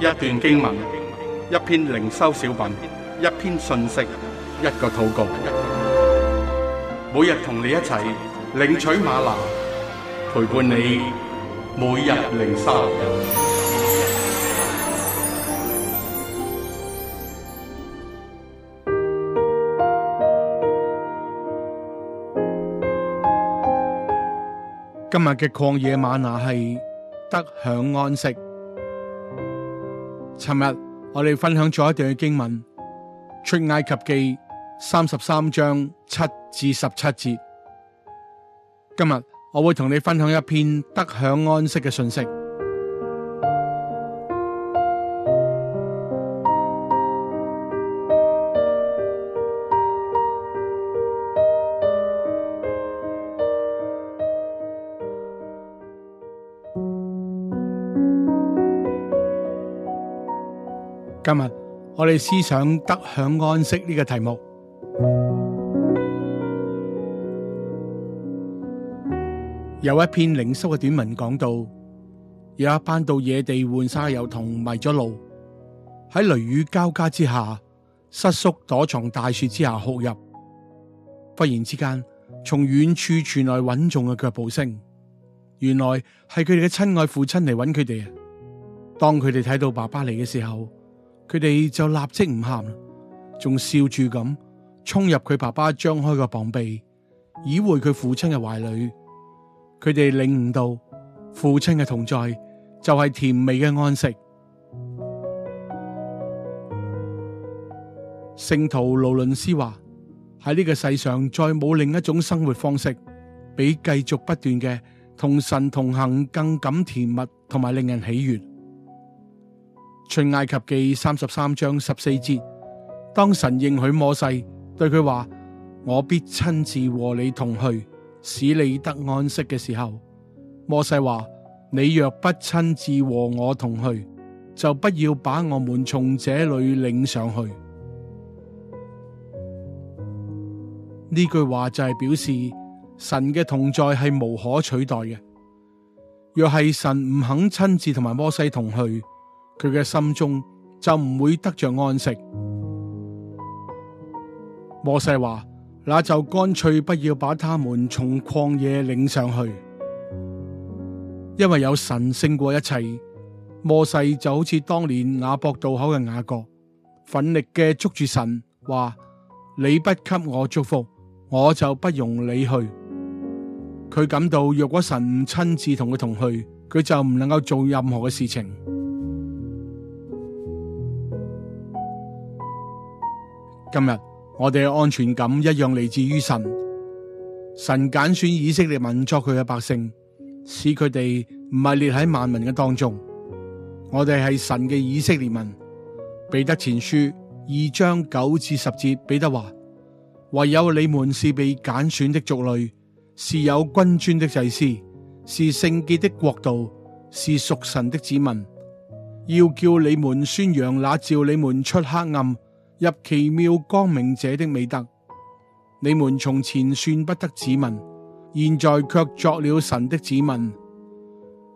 一段經文，一篇靈修小品，一篇信息，一個禱告。每日同你一齊領取嗎哪，陪伴你每日靈修。今日嘅曠野嗎哪係得享安息。尋日我哋分享咗一段經文《出埃及記》三十三章七至十七節，今日我會同你分享一篇得享安息嘅信息。我哋思想得享安息呢個題目，有一篇靈修嘅短文講到，有一班到野地換沙油桶，迷咗路，喺雷雨交加之下，失叔躲藏大樹之下哭泣。忽然之間，從遠處傳來穩重嘅腳步聲，原來係佢哋嘅親愛父親嚟揾佢哋啊！當佢哋睇到爸爸嚟嘅時候，佢哋就立即唔喊，仲笑住咁衝入佢爸爸張開個膀臂，依回佢父親嘅懷裏。佢哋領悟到父親嘅同在就係甜美嘅安息。聖徒勞倫斯話：喺呢個世上再冇另一種生活方式，比繼續不斷嘅同神同行更感甜蜜同埋令人喜悅。《出埃及記》三十三章十四節，當神應許摩西對佢話：我必親自和你同去，使你得安息嘅時候。摩西話：你若不親自和我同去，就不要把我們從這裏領上去。呢句話就係表示神嘅同在係無可取代嘅。若係神唔肯親自同埋摩西同去。佢嘅心中就唔會得着安息。摩西話：那就乾脆不要把他們從曠野領上去，因為有神勝過一切。摩西就好似當年雅博渡口嘅雅各，奮力嘅捉住神，話：你不給我祝福，我就不容你去。佢感到若果神唔親自同佢同去，佢就唔能夠做任何嘅事情。今日我哋嘅安全感一樣嚟自於神，神揀選以色列民作佢嘅百姓，使佢哋唔係列喺萬民嘅當中。我哋係神嘅以色列民。彼得前書二章九至十節，彼得話：唯有你們是被揀選的族類，是有君尊的祭司，是聖潔的國度，是屬神的子民，要叫你們宣揚那召你們出黑暗入奇妙光明者的美德，你們從前算不得子民，現在却作了神的子民；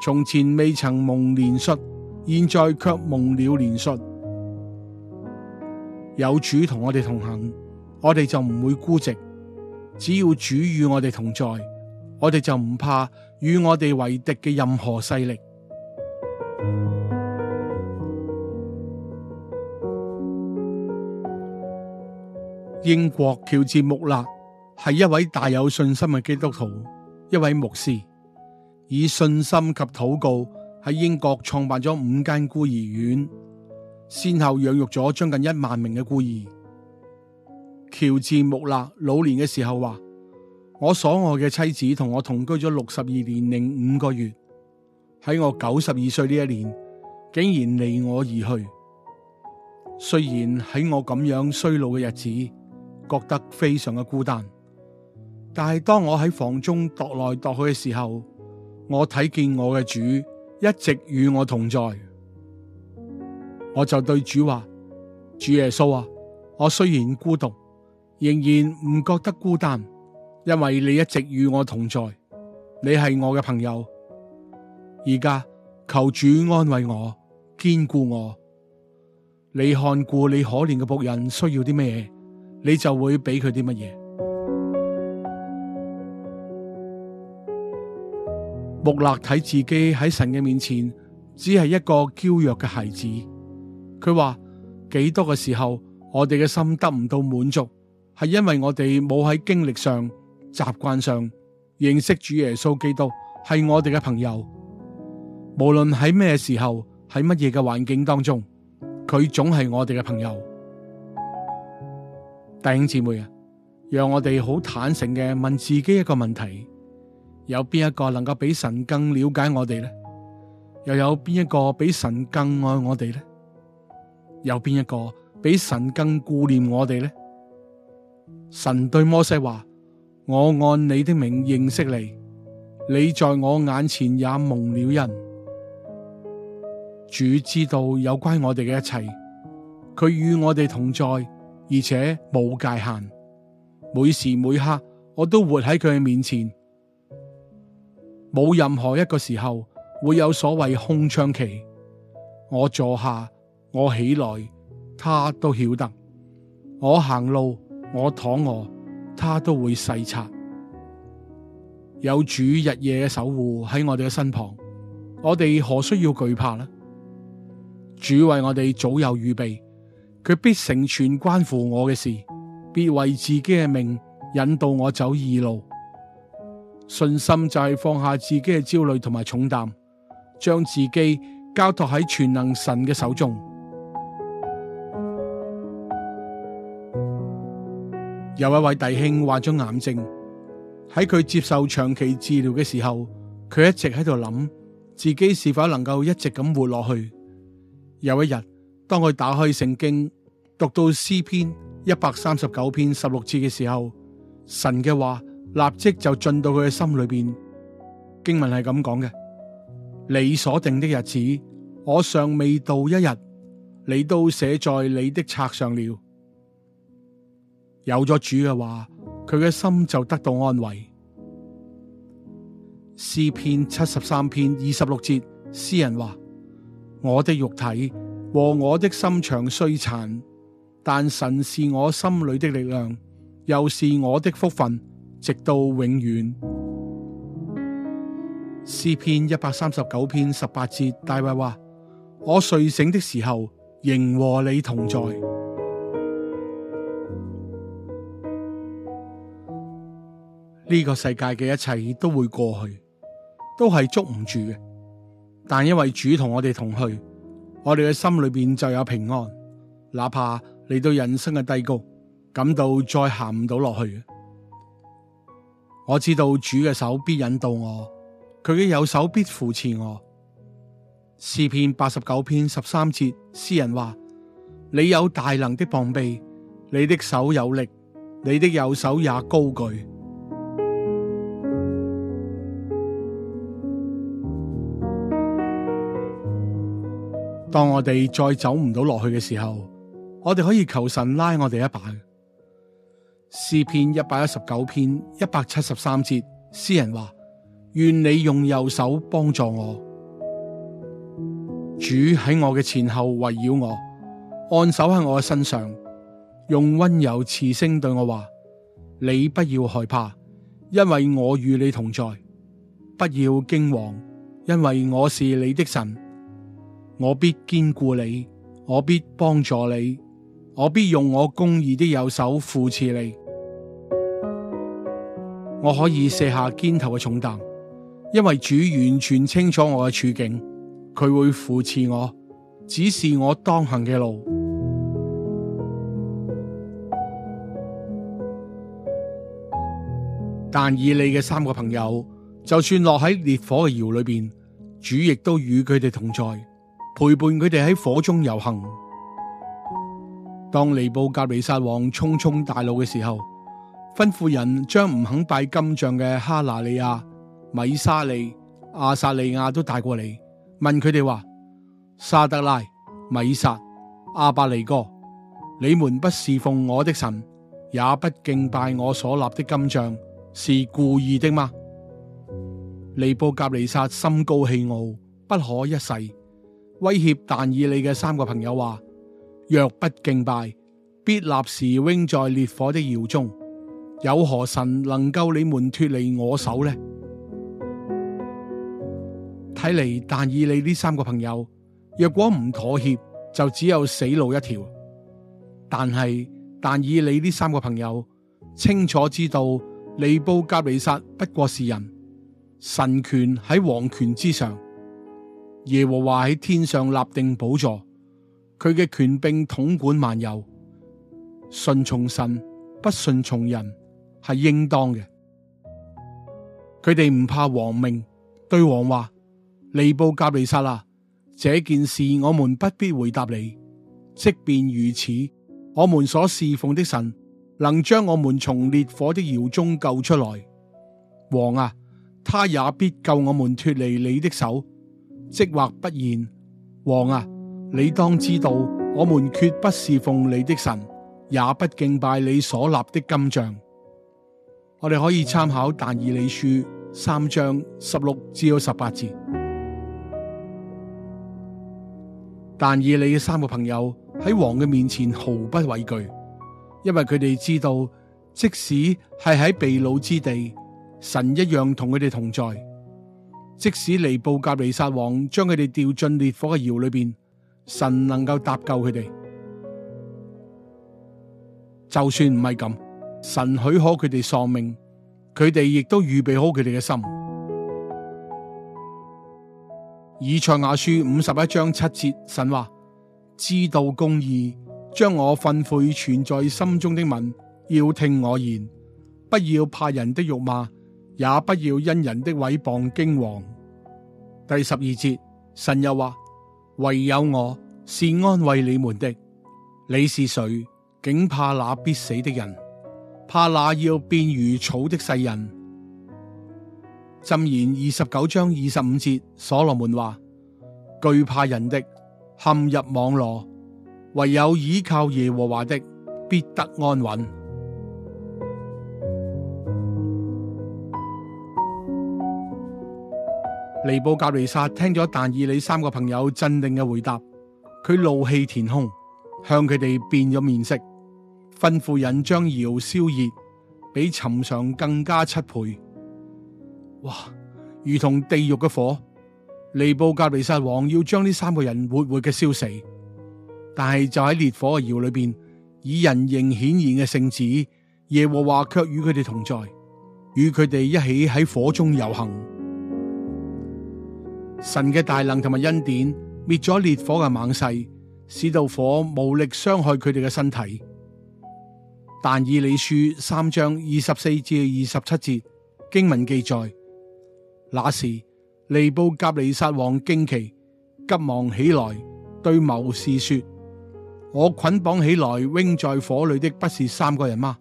從前未曾蒙憐恤，現在却蒙了憐恤。有主同我哋同行，我哋就唔會孤寂；只要主與我哋同在，我哋就唔怕與我哋為敵嘅任何勢力。英國喬治穆勒係一位大有信心嘅基督徒，一位牧師，以信心及禱告喺英國創辦咗五間孤兒院，先後養育咗將近，近一萬名嘅孤兒。喬治穆勒老年嘅時候話：我所愛嘅妻子同我同居咗六十二年零五個月，喺我九十二歲呢一年，竟然離我而去。雖然喺我咁樣衰老嘅日子，覺得非常嘅孤單，但係當我喺房中踱來踱去嘅時候，我睇見我嘅主一直與我同在，我就對主話：主耶穌啊，我雖然孤獨，仍然唔覺得孤單，因為你一直與我同在，你係我嘅朋友。而家求主安慰我，堅固我。你看顧你可憐嘅僕人需要啲咩？你就會俾佢啲乜嘢？穆勒睇自己喺神嘅面前，只係一個嬌弱嘅孩子。佢話：幾多嘅時候，我哋嘅心得唔到滿足，係因為我哋冇喺經歷上、習慣上認識主耶穌基督係我哋嘅朋友。無論喺咩時候，喺乜嘢嘅環境當中，佢總係我哋嘅朋友。弟兄姊妹啊，讓我哋好坦誠嘅問自己一個問題：有邊一個能夠比神更了解我哋呢？又有邊一個比神更愛我哋呢？有邊一個比神更顧念我哋呢？神對摩西話：我按你的名認識你，你在我眼前也蒙了恩。主知道有關我哋嘅一切，佢與我哋同在。而且冇界限，每時每刻我都活喺佢嘅面前，冇任何一個時候會有所謂空窗期。我坐下，我起來，他都曉得；我行路，我躺臥，他都會細察。有主日夜嘅守護喺我哋嘅身旁，我哋何需要懼怕呢？主為我哋早有預備。佢必成全關乎我嘅事，必為自己嘅名引導我走義路。信心就係放下自己嘅焦慮同埋重擔，將自己交託喺全能神嘅手中。 有一位弟兄患咗癌症，喺佢接受長期治療嘅時候，佢一直喺度諗自己是否能夠一直咁活落去。有一日，當佢打開聖經，讀到詩篇一百三十九篇十六節嘅時候，神嘅話立即就進到佢嘅心裏邊。經文係咁講嘅：你所定的日子，我尚未到一日，你都寫在你的冊上了。有咗主嘅話，佢嘅心就得到安慰。詩篇七十三篇二十六節，詩人話：我的肉體。和我的心腸衰殘，但神是我心裏的力量，又是我的福分，直到永遠。詩篇一百三十九篇十八節，大衛話：我睡醒的時候，仍和你同在。呢個世界嘅一切都會過去，都係捉唔住嘅，但因為主同我哋同去。我哋嘅心裏邊就有平安，哪怕嚟到人生嘅低谷，感到再行唔到落去，我知道主嘅手必引導我，佢嘅右手必扶持我。詩篇八十九篇十三節，詩人話：你有大能的膀臂，你的手有力，你的右手也高舉。當我哋再走唔到落去嘅時候，我哋可以求神拉我哋一把。詩篇一百一十九篇一百七十三節，詩人話：願你用右手幫助我，主喺我嘅前後圍繞我，按手喺我嘅身上，用溫柔慈聲對我話：你不要害怕，因為我與你同在；不要驚惶，因為我是你的神。我必堅固你，我必幫助你，我必用我公義的右手扶持你。我可以卸下肩頭嘅重擔，因為主完全清楚我嘅處境，佢會扶持我，指示我當行嘅路。但以理嘅三個朋友，就算落喺烈火嘅窯裏邊，主亦都與佢哋同在。陪伴佢哋喺火中遊行。當尼布甲尼撒王沖沖大怒嘅時候，吩咐人將唔肯拜金像嘅哈拿利亞、米沙利、阿撒利亞都帶過嚟，問佢哋話：沙德拉、米撒、阿伯利哥，你們不侍奉我的神，也不敬拜我所立的金像，是故意的嗎？尼布甲尼撒心高氣傲，不可一世。威脅但以理嘅三個朋友話：若不敬拜，必立時扔在烈火的窯中。有何神能夠你們脫離我手呢？睇嚟，但以理呢三個朋友，若果唔妥協，就只有死路一條。但係，但以理呢三個朋友清楚知道，尼布甲尼撒不過是人，神權喺王權之上。耶和華喺天上立定寶座，佢嘅權柄統管萬有。順從神，不順從人，係應當嘅。佢哋唔怕王命，對王話：尼布甲尼撒啦，這件事我們不必回答你。即便如此，我們所侍奉的神能將我們從烈火的窯中救出來。王啊，他也必救我們脫離你的手。即或不然，王啊，你當知道，我們決不侍奉你的神，也不敬拜你所立的金像。我哋可以參考但以理書三章十六至到十八節。但以理嘅三個朋友喺王嘅面前毫不畏懼，因為佢哋知道，即使係喺被擄之地，神一樣同佢哋同在。即使尼布甲尼撒王將佢哋掉進烈火嘅窑裏邊，神能夠搭救佢哋。就算唔係咁，神許可佢哋喪命，佢哋亦都預備好佢哋嘅心。以賽亞書五十一章七節，神話，知道公義，將我訓誨存在心中的民，要聽我言，不要怕人的辱罵。也不要因人的毀謗驚惶。第十二節，神又話：唯有我是安慰你們的。你是誰？竟怕那必死的人？怕那要變如草的世人？箴言二十九章二十五節，所羅門話：懼怕人的，陷入網羅；唯有倚靠耶和華的，必得安穩。尼布甲尼撒聽咗但以理三個朋友鎮定嘅回答，佢怒氣填胸，向佢哋變咗面色，吩咐人將窯燒熱，比尋常更加七倍。哇，如同地獄嘅火，尼布甲尼撒王要將呢三個人活活嘅燒死。但係就喺烈火嘅窯裏邊，以人形顯現嘅聖子耶和華卻與佢哋同在，與佢哋一起喺火中遊行。神嘅大能同埋恩典滅咗烈火嘅猛勢，使到火無力傷害佢哋嘅身體。但以理書三章二十四至二十七節經文記載，那時尼布甲尼撒王驚奇，急忙起來對謀士說：我捆綁起來扔在火裏的不是三個人嗎？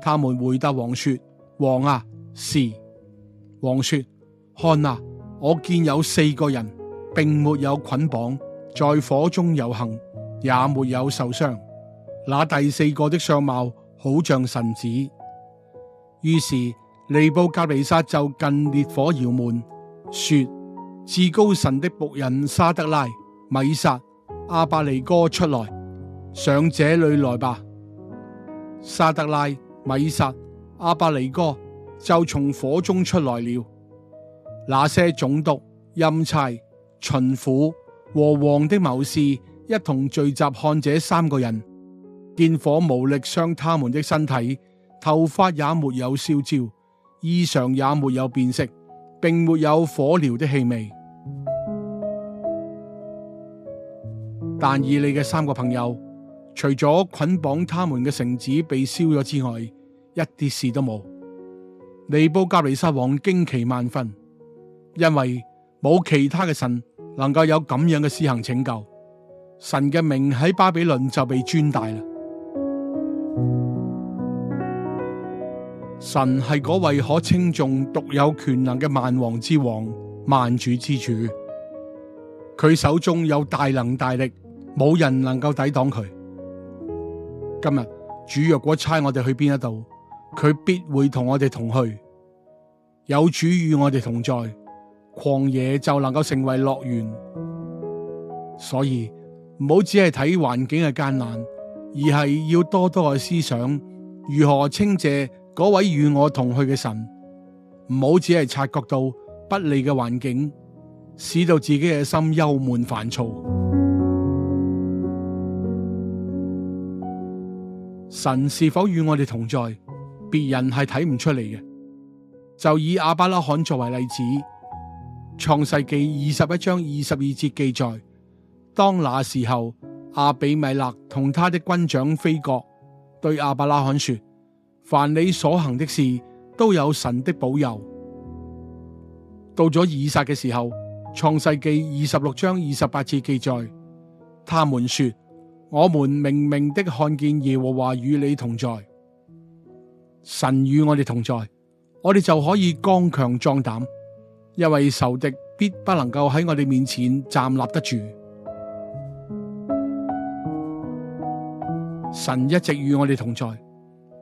他們回答王說：王啊，是。王說：看啊！我見有四個人，並沒有捆綁，在火中遊行，也沒有受傷。那第四個的相貌好像神子。於是尼布甲尼撒就近烈火窑門，說：至高神的僕人沙得拉、米沙、阿伯尼哥出來，上這裏來吧。沙得拉、米沙、阿伯尼哥就從火中出來了。那些總督、欽差、巡撫和王的謀士一同聚集看這三個人，見火無力傷他們的身體，頭髮也沒有燒焦，衣裳也沒有變色，並沒有火燎的氣味。但以你嘅三個朋友，除咗捆綁他們嘅繩子被燒咗之外，一啲事都冇。尼布加尼撒王驚奇萬分。因為冇其他嘅神能夠有咁樣嘅施行拯救，神嘅名喺巴比倫就被尊大啦。神係嗰位可稱頌、獨有權能嘅萬王之王、萬主之主，佢手中有大能大力，冇人能夠抵擋佢。今日主若果差我哋去邊一度，佢必會同我哋同去。有主與我哋同在。曠野就能夠成為樂園，所以唔好只係睇環境嘅艱難，而係要多多去思想如何稱謝嗰位與我同去嘅神。唔好只係察覺到不利嘅環境，使到自己嘅心幽悶煩躁。神是否與我哋同在，別人係睇唔出嚟嘅，就以亞伯拉罕作為例子。創世記二十一章二十二節記載，當那時候，亞比米勒同他的軍長非各對亞伯拉罕說：凡你所行的事，都有神的保佑。到咗以撒嘅時候，創世記二十六章二十八節記載，他們說：我們明明的看見耶和華與你同在，神與我哋同在，我哋就可以剛強壯膽。因為仇敵必不能夠喺我哋面前站立得住，神一直與我哋同在，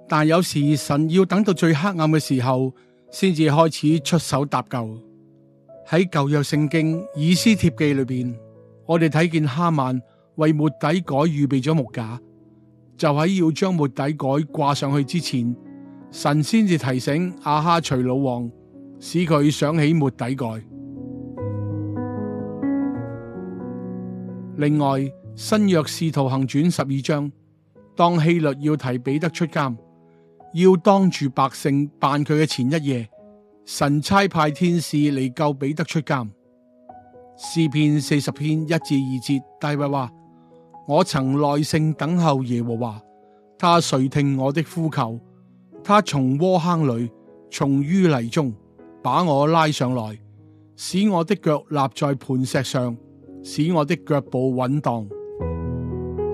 但有時神要等到最黑暗嘅時候，先至開始出手搭救。喺舊約聖經以斯帖記裏邊，我哋睇見哈曼為末底改預備咗木架，就喺要將末底改掛上去之前，神先至提醒亞哈隨魯王。使佢想起末底改。另外，《新約使徒行傳》十二章，當希律要提彼得出監，要當住百姓辦佢嘅前一夜，神差派天使嚟救彼得出監。詩篇四十篇一至二節，大衛話：我曾耐性等候耶和華，他垂聽我的呼求，他從窩坑裡，從淤泥中。把我拉上來，使我的腳立在磐石上，使我的腳步穩當。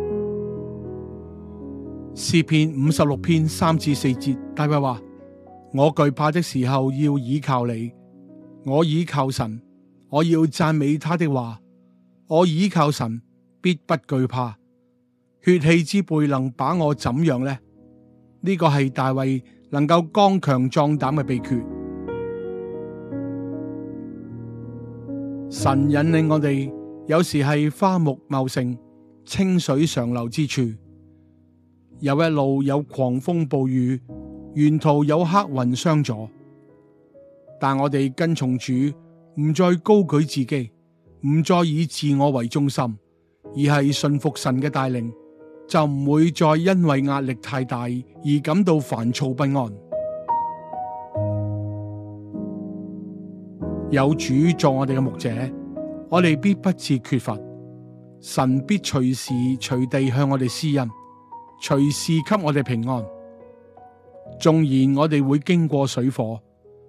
詩篇五十六篇三至四節，大衛話：我懼怕的時候要倚靠你，我倚靠神，我要讚美他的話。我倚靠神，必不懼怕。血氣之輩能把我怎樣呢？呢、這個係大衛能夠剛強壯膽嘅秘訣。神引領我哋，有時係花木茂盛、清水常流之處，有一路有狂風暴雨，沿途有黑雲相助，但我哋跟從主，唔再高舉自己，唔再以自我為中心，而係信服神嘅帶領，就唔會再因為壓力太大而感到煩躁不安。有主做我哋嘅牧者，我哋必不致缺乏。神必隨時隨地向我哋施恩，隨時給我哋平安。縱然我哋會經過水火，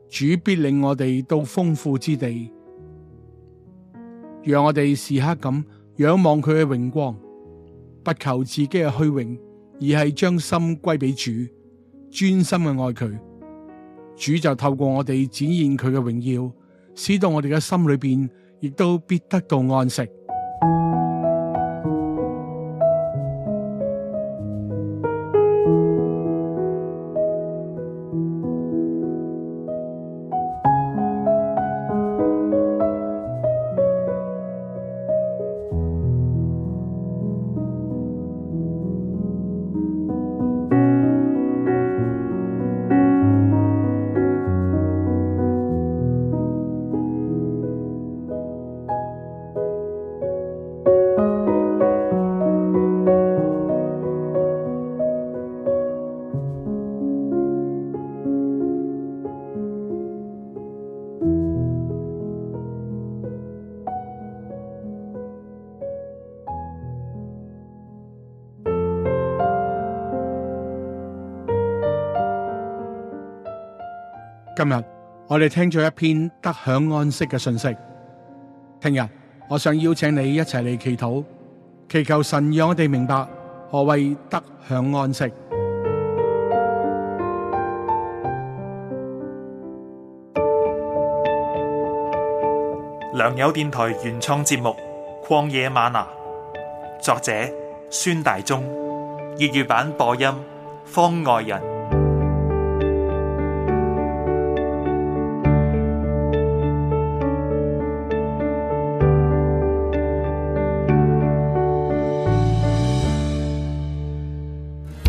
主必令我哋到豐富之地。讓我哋時刻咁仰望佢嘅榮光，不求自己嘅虛榮，而係將心歸俾主，專心嘅愛佢。主就透過我哋展現佢嘅榮耀。使到我哋嘅心裏邊，亦都必得到安息。今日我哋聽咗一篇得享安息嘅信息，聽日我想邀請你一齊嚟祈禱，祈求神讓我哋明白何謂得享安息。良友電台原創節目《曠野嗎哪》，作者孫大中，粵語版播音方外人。